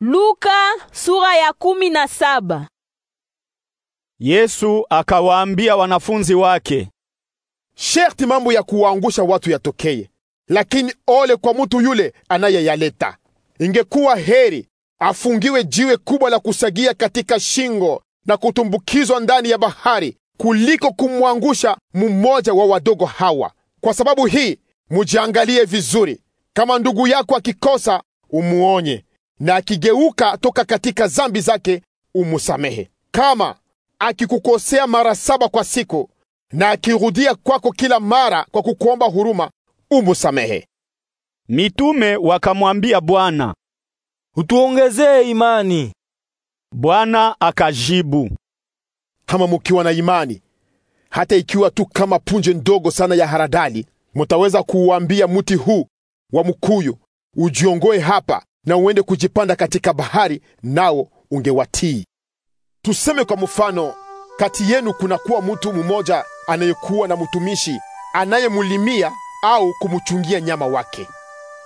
Luka sura ya kumi na saba. Yesu akawaambia wanafunzi wake, sherti mambo ya kuwaangusha watu yatokee, lakini ole kwa mtu yule anayeyaleta. Ingekuwa heri afungiwe jiwe kubwa la kusagia katika shingo na kutumbukizwa ndani ya bahari kuliko kumwangusha mmoja wa wadogo hawa. Kwa sababu hii, mujiangalie vizuri. Kama ndugu yako akikosa, umuonye na akigeuka toka katika zambi zake umusamehe. Kama akikukosea mara saba kwa siku na akirudia kwako kila mara kwa kukuomba huruma, umusamehe. Mitume wakamwambia Bwana, utuongezee imani. Bwana akajibu, kama mukiwa na imani hata ikiwa tu kama punje ndogo sana ya haradali, mutaweza kuuambia muti huu wa mkuyu ujiongoe hapa, na uende kujipanda katika bahari, nao ungewatii. Tuseme kwa mfano, kati yenu kunakuwa mtu mmoja anayekuwa na mtumishi anayemlimia au kumchungia nyama wake.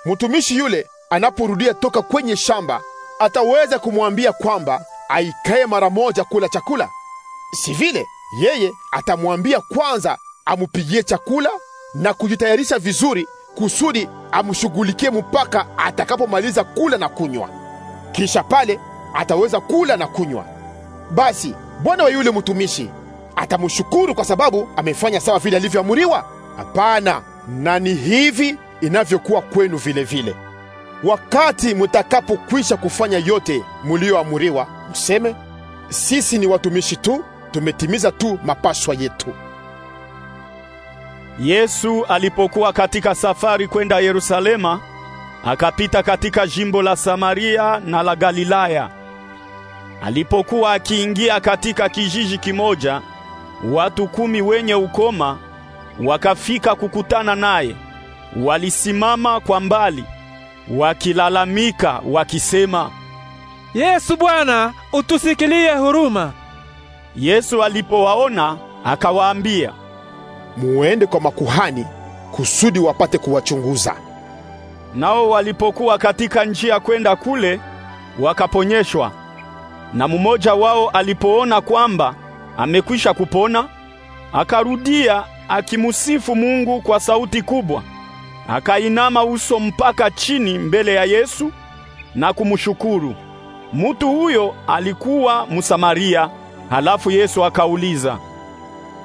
Mtumishi yule anaporudia toka kwenye shamba, ataweza kumwambia kwamba aikae mara moja kula chakula? Si vile, yeye atamwambia kwanza amupigie chakula na kujitayarisha vizuri kusudi amshughulikie mpaka atakapomaliza kula na kunywa. Kisha pale ataweza kula na kunywa. Basi bwana wa yule mtumishi atamshukuru kwa sababu amefanya sawa vile alivyoamuriwa? Hapana, na ni hivi inavyokuwa kwenu vile vile. Wakati mtakapokwisha kufanya yote mlioamuriwa, mseme, sisi ni watumishi tu, tumetimiza tu mapaswa yetu. Yesu alipokuwa katika safari kwenda Yerusalema, akapita katika jimbo la Samaria na la Galilaya. Alipokuwa akiingia katika kijiji kimoja, watu kumi wenye ukoma wakafika kukutana naye. Walisimama kwa mbali wakilalamika wakisema, Yesu Bwana, utusikilie huruma. Yesu alipowaona akawaambia, muende kwa makuhani kusudi wapate kuwachunguza. Nao walipokuwa katika njia kwenda kule, wakaponyeshwa. Na mmoja wao alipoona kwamba amekwisha kupona, akarudia akimusifu Mungu kwa sauti kubwa. Akainama uso mpaka chini mbele ya Yesu na kumshukuru. Mutu huyo alikuwa Msamaria. Halafu Yesu akauliza,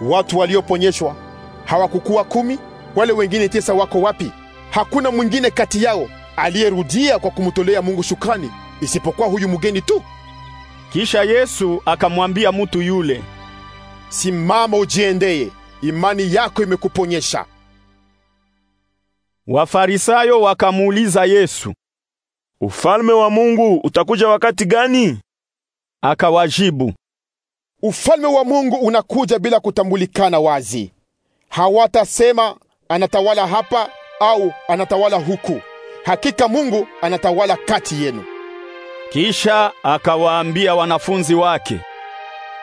watu walioponyeshwa hawakukuwa kumi? Wale wengine tisa wako wapi? Hakuna mwingine kati yao aliyerudia kwa kumtolea Mungu shukrani isipokuwa huyu mgeni tu. Kisha Yesu akamwambia mtu yule, simama ujiendeye, imani yako imekuponyesha. Wafarisayo wakamuuliza Yesu, ufalme wa Mungu utakuja wakati gani? Akawajibu, ufalme wa Mungu unakuja bila kutambulikana wazi. Hawatasema anatawala hapa au anatawala huku. Hakika Mungu anatawala kati yenu. Kisha akawaambia wanafunzi wake,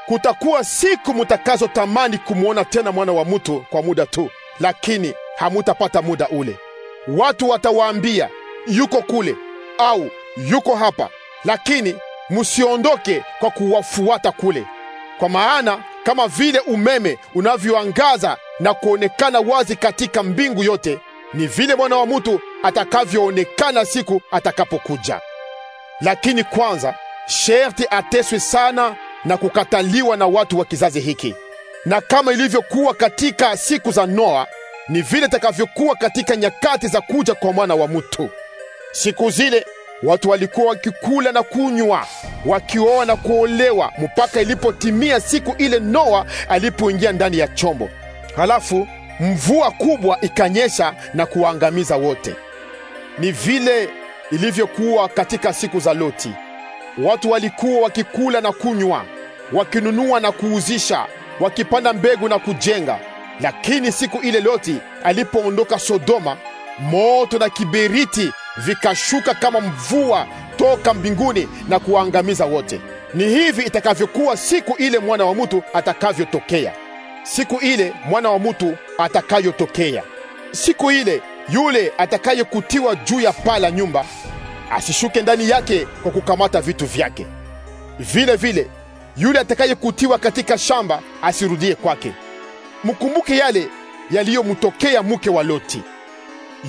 kutakuwa siku mutakazotamani kumwona tena mwana wa mtu kwa muda tu, lakini hamutapata muda ule. Watu watawaambia yuko kule au yuko hapa, lakini musiondoke kwa kuwafuata kule, kwa maana kama vile umeme unavyoangaza na kuonekana wazi katika mbingu yote, ni vile mwana wa mtu atakavyoonekana siku atakapokuja. Lakini kwanza sherti ateswe sana na kukataliwa na watu wa kizazi hiki. Na kama ilivyokuwa katika siku za Noa, ni vile itakavyokuwa katika nyakati za kuja kwa mwana wa mtu. Siku zile watu walikuwa wakikula na kunywa, wakioa na kuolewa, mpaka ilipotimia siku ile Noa alipoingia ndani ya chombo. Halafu mvua kubwa ikanyesha na kuwaangamiza wote. Ni vile ilivyokuwa katika siku za Loti. Watu walikuwa wakikula na kunywa, wakinunua na kuuzisha, wakipanda mbegu na kujenga. Lakini siku ile Loti alipoondoka Sodoma, moto na kiberiti vikashuka kama mvua toka mbinguni na kuwaangamiza wote. Ni hivi itakavyokuwa siku ile mwana wa mtu atakavyotokea siku ile mwana wa mutu atakayotokea. Siku ile yule atakayekutiwa juu ya paa la nyumba asishuke ndani yake kwa kukamata vitu vyake. Vile vile yule atakayekutiwa katika shamba asirudie kwake. Mkumbuke yale yaliyomtokea mke wa Loti.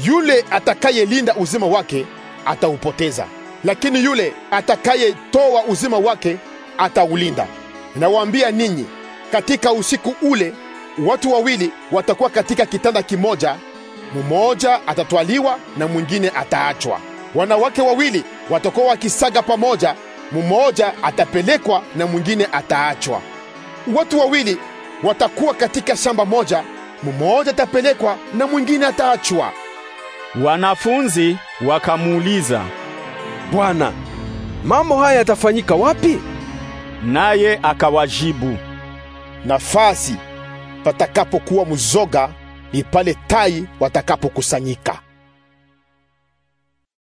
Yule atakayelinda uzima wake ataupoteza, lakini yule atakayetoa uzima wake ataulinda. Nawaambia ninyi katika usiku ule watu wawili watakuwa katika kitanda kimoja, mmoja atatwaliwa na mwingine ataachwa. Wanawake wawili watakuwa wakisaga pamoja, mmoja atapelekwa na mwingine ataachwa. Watu wawili watakuwa katika shamba moja, mmoja atapelekwa na mwingine ataachwa. Wanafunzi wakamuuliza, Bwana, mambo haya yatafanyika wapi? Naye akawajibu, nafasi patakapokuwa mzoga ni pale tai watakapokusanyika.